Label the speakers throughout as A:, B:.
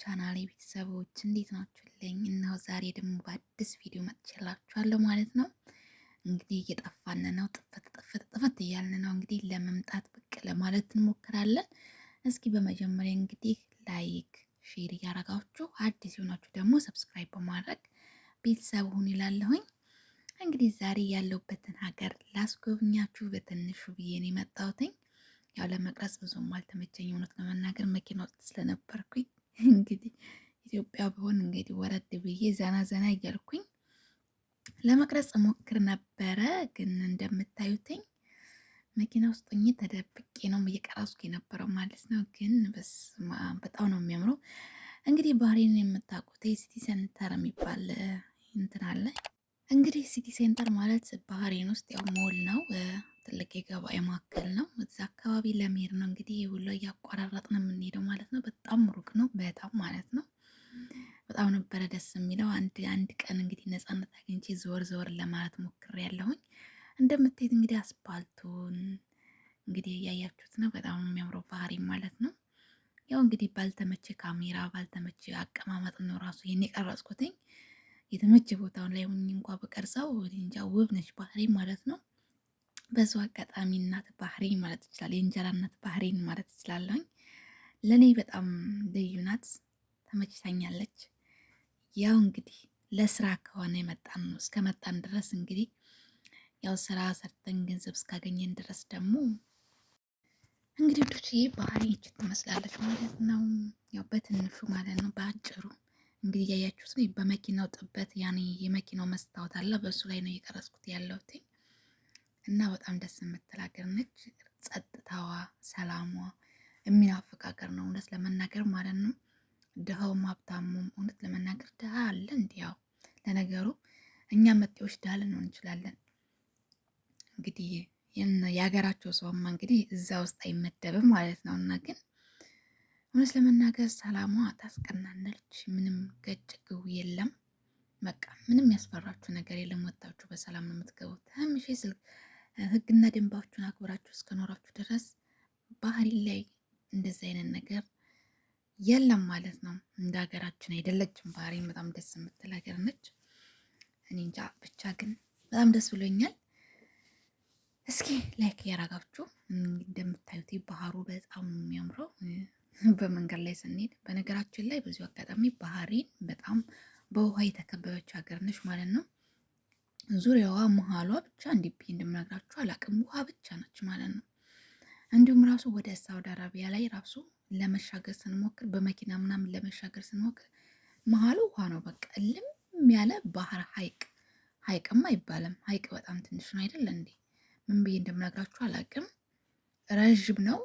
A: ቻናል ቤተሰቦች እንዴት ናችሁልኝ? እነሆ ዛሬ ደግሞ በአዲስ ቪዲዮ መጥቼላችኋለሁ ማለት ነው። እንግዲህ እየጠፋን ነው፣ ጥፍት ጥፍት ጥፍት እያልን ነው። እንግዲህ ለመምጣት ብቅ ለማለት እንሞክራለን። እስኪ በመጀመሪያ እንግዲህ ላይክ፣ ሼር እያረጋችሁ አዲስ የሆናችሁ ደግሞ ሰብስክራይብ በማድረግ ቤተሰብ ሁኑ ይላለሁኝ። እንግዲህ ዛሬ ያለሁበትን ሀገር ላስጎብኛችሁ በትንሹ ብዬ ነው የመጣሁትኝ። ያው ለመቅረጽ ብዙም አልተመቸኝ፣ እውነት ለመናገር መኪና ውስጥ ስለነበርኩኝ ኢትዮጵያ ቢሆን እንግዲህ ወረድ ብዬ ዘና ዘና እያልኩኝ ለመቅረጽ ሞክር ነበረ። ግን እንደምታዩትኝ መኪና ውስጥ ሆኜ ተደብቄ ነው እየቀረጽኩ የነበረው ማለት ነው። ግን በጣም ነው የሚያምረው። እንግዲህ ባህሬን የምታውቁት ሲቲ ሴንተር የሚባል እንትን አለ። እንግዲህ ሲቲ ሴንተር ማለት ባህሬን ውስጥ ያው ሞል ነው፣ ትልቅ የገበያ ማዕከል ነው። እዛ አካባቢ ለመሄድ ነው እንግዲህ ሁሉ ነው የምንሄደው ማለት ነው። በጣም ሩቅ ነው፣ በጣም ማለት ነው። በጣም ነበረ ደስ የሚለው። አንድ አንድ ቀን እንግዲህ ነፃነት አግኝቼ ዘወር ዘወር ለማለት ሞክሬ ያለሁኝ። እንደምትሄድ እንግዲህ አስፓልቱን እንግዲህ እያያችሁት ነው። በጣም የሚያምረው ባህሪ ማለት ነው። ያው እንግዲህ ባልተመቸ ካሜራ ባልተመቼ አቀማመጥ ነው ራሱ ይህን የቀረጽኩትኝ። የተመቼ ቦታውን ላይ ሁኝ እንኳ በቀርጸው እንጃ ውብ ነች ባህሪ ማለት ነው። በዙ አጋጣሚ እናት ባህሪ ማለት ይችላል። የእንጀራ እናት ባህሪን ማለት ይችላለኝ። ለእኔ በጣም ልዩ ናት። ተመችታኛለች። ያው እንግዲህ ለስራ ከሆነ የመጣን ነው። እስከመጣን ድረስ እንግዲህ ያው ስራ ሰርተን ገንዘብ እስካገኘን ድረስ ደግሞ እንግዲህ ዶች ባህሪ ይች ትመስላለች ማለት ነው። ያው በትንሹ ማለት ነው። በአጭሩ እንግዲህ እያያችሁት በመኪናው ጥበት ያኔ የመኪናው መስታወት አለ፣ በእሱ ላይ ነው እየቀረጽኩት ያለሁት እና በጣም ደስ የምትል ሀገር ነች። ጸጥታዋ፣ ሰላሟ የሚናፍቅ ሀገር ነው እውነት ለመናገር ማለት ነው። ድሃውም ሀብታሙም እውነት ለመናገር ድሃ አለ። እንዲያው ለነገሩ እኛ መጤዎች ድሃ ልንሆን እንችላለን። እንግዲህ የሀገራቸው ሰውማ እንግዲህ እዛ ውስጥ አይመደብም ማለት ነው። እና ግን እውነት ለመናገር ሰላሟ ታስቀናለች። ምንም ገጭግው የለም። በቃ ምንም ያስፈራችሁ ነገር የለም። ወጣችሁ በሰላም ነው የምትገቡት። ትንሽ ስልክ ህግና ደንባችሁን አክብራችሁ እስከኖራችሁ ድረስ ባህሪ ላይ እንደዚህ አይነት ነገር የለም ማለት ነው። እንደ ሀገራችን አይደለችም። ባህሬን በጣም ደስ የምትል ሀገር ነች። እኔ እንጃ ብቻ ግን በጣም ደስ ብሎኛል። እስኪ ላይክ እያረጋችሁ እንደምታዩት ባህሩ በጣም የሚያምረው በመንገድ ላይ ስንሄድ። በነገራችን ላይ በዚሁ አጋጣሚ ባህሬን በጣም በውሃ የተከበበች ሀገር ነች ማለት ነው። ዙሪያዋ መሀሏ ብቻ እንዲህ እንደምነግራችሁ አላቅም ውሃ ብቻ ነች ማለት ነው። እንዲሁም ራሱ ወደ ሳውዲ አረቢያ ላይ ራሱ ለመሻገር ስንሞክር በመኪና ምናምን ለመሻገር ስንሞክር መሀሉ ውሃ ነው። በቃ ልም ያለ ባህር ሀይቅ ሐይቅም አይባልም። ሀይቅ በጣም ትንሽ ነው አይደለ እንዴ? ምን ብዬ እንደምነግራችሁ አላቅም። ረዥም ነው፣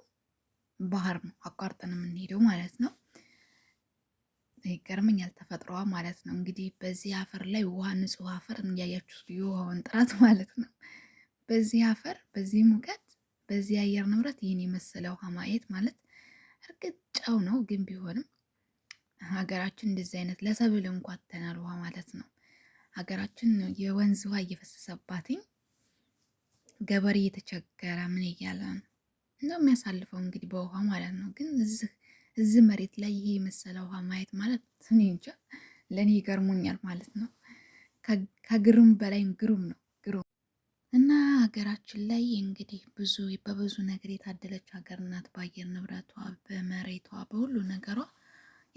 A: ባህር ነው አቋርጠን የምንሄደው ማለት ነው። ይገርመኛል፣ ተፈጥሮዋ ማለት ነው። እንግዲህ በዚህ አፈር ላይ ውሃ፣ ንጹህ አፈር እያያችሁ የውሃውን ጥራት ማለት ነው። በዚህ አፈር፣ በዚህ ሙቀት፣ በዚህ አየር ንብረት ይህን የመሰለ ውሃ ማየት ማለት አቅጫው ነው። ግን ቢሆንም ሀገራችን እንደዚህ አይነት ለሰብል እንኳ ተናል ውሃ ማለት ነው። ሀገራችን የወንዝ ውሃ እየፈሰሰባትኝ ገበሬ እየተቸገረ ምን እያለ ነው እንደው የሚያሳልፈው እንግዲህ በውሃ ማለት ነው። ግን እዚህ መሬት ላይ ይሄ የመሰለ ውሃ ማየት ማለት እኔ እንጃ ለእኔ ይገርሙኛል ማለት ነው። ከግርም በላይም ግሩም ነው። እና ሀገራችን ላይ እንግዲህ ብዙ በብዙ ነገር የታደለች ሀገር ናት። በአየር ንብረቷ፣ በመሬቷ፣ በሁሉ ነገሯ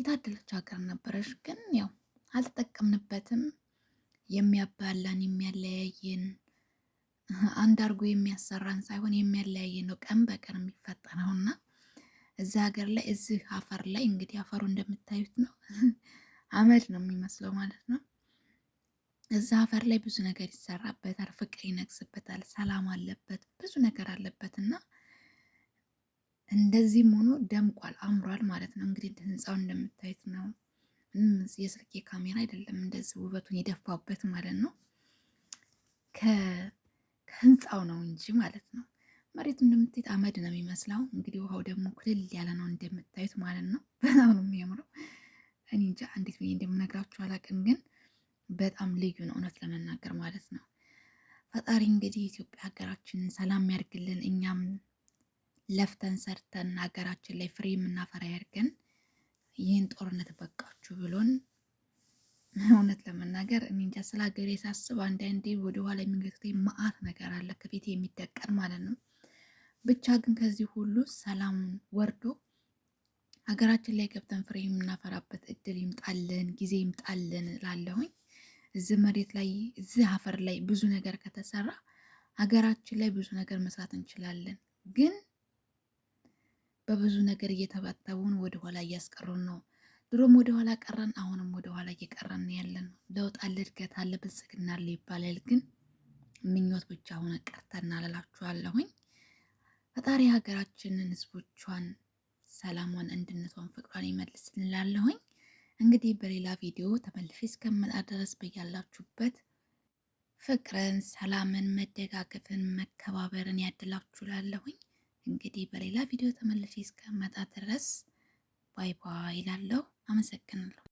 A: የታደለች ሀገር ነበረች። ግን ያው አልተጠቀምንበትም። የሚያባላን የሚያለያየን አንድ አድርጎ የሚያሰራን ሳይሆን የሚያለያየን ነው ቀን በቀን የሚፈጠረውና እዚ ሀገር ላይ እዚህ አፈር ላይ እንግዲህ አፈሩ እንደምታዩት ነው አመድ ነው የሚመስለው ማለት ነው። እዛ አፈር ላይ ብዙ ነገር ይሰራበታል፣ ፍቅር ይነግስበታል፣ ሰላም አለበት፣ ብዙ ነገር አለበት እና እንደዚህም ሆኖ ደምቋል፣ አምሯል ማለት ነው። እንግዲህ ህንፃው እንደምታዩት ነው። የስልኬ ካሜራ አይደለም እንደዚህ ውበቱን የደፋበት ማለት ነው። ከህንፃው ነው እንጂ ማለት ነው። መሬቱ እንደምታዩት አመድ ነው የሚመስለው። እንግዲህ ውሃው ደግሞ ክልል ያለ ነው እንደምታዩት ማለት ነው። በጣም ነው የሚያምረው። እኔ እንጃ እንዴት ብዬ እንደምነግራችሁ አላውቅም ግን በጣም ልዩ ነው፣ እውነት ለመናገር ማለት ነው። ፈጣሪ እንግዲህ ኢትዮጵያ ሀገራችንን ሰላም ያርግልን፣ እኛም ለፍተን ሰርተን ሀገራችን ላይ ፍሬ የምናፈራ ያርገን፣ ይህን ጦርነት በቃችሁ ብሎን። እውነት ለመናገር እኔ እንጃ ስለ ሀገሬ ሳስብ አንዳንዴ ወደኋላ የሚገጥተኝ መዓት ነገር አለ ከቤት የሚደቀር ማለት ነው። ብቻ ግን ከዚህ ሁሉ ሰላም ወርዶ ሀገራችን ላይ ገብተን ፍሬ የምናፈራበት እድል ይምጣልን፣ ጊዜ ይምጣልን ላለሁኝ እዚህ መሬት ላይ እዚህ አፈር ላይ ብዙ ነገር ከተሰራ ሀገራችን ላይ ብዙ ነገር መስራት እንችላለን። ግን በብዙ ነገር እየተባተቡን ወደኋላ እያስቀሩን ነው። ድሮም ወደኋላ ቀረን፣ አሁንም ወደኋላ እየቀረን ያለን ነው። ለውጥ አለ፣ እድገት አለ፣ ብልጽግና አለ ይባላል። ግን ምኞት ብቻ ሆነ ቀርተና ልላችኋለሁኝ። ፈጣሪ ሀገራችንን ህዝቦቿን ሰላሟን፣ አንድነቷን፣ ፍቅሯን ይመልስ እንላለሁኝ። እንግዲህ በሌላ ቪዲዮ ተመልሼ እስከምመጣ ድረስ በያላችሁበት ፍቅርን፣ ሰላምን፣ መደጋገፍን፣ መከባበርን ያድላችሁ እንግዲህ በሌላ ቪዲዮ ተመልሼ እስከምመጣ ድረስ ባይ ባይ እላለሁ። አመሰግናለሁ።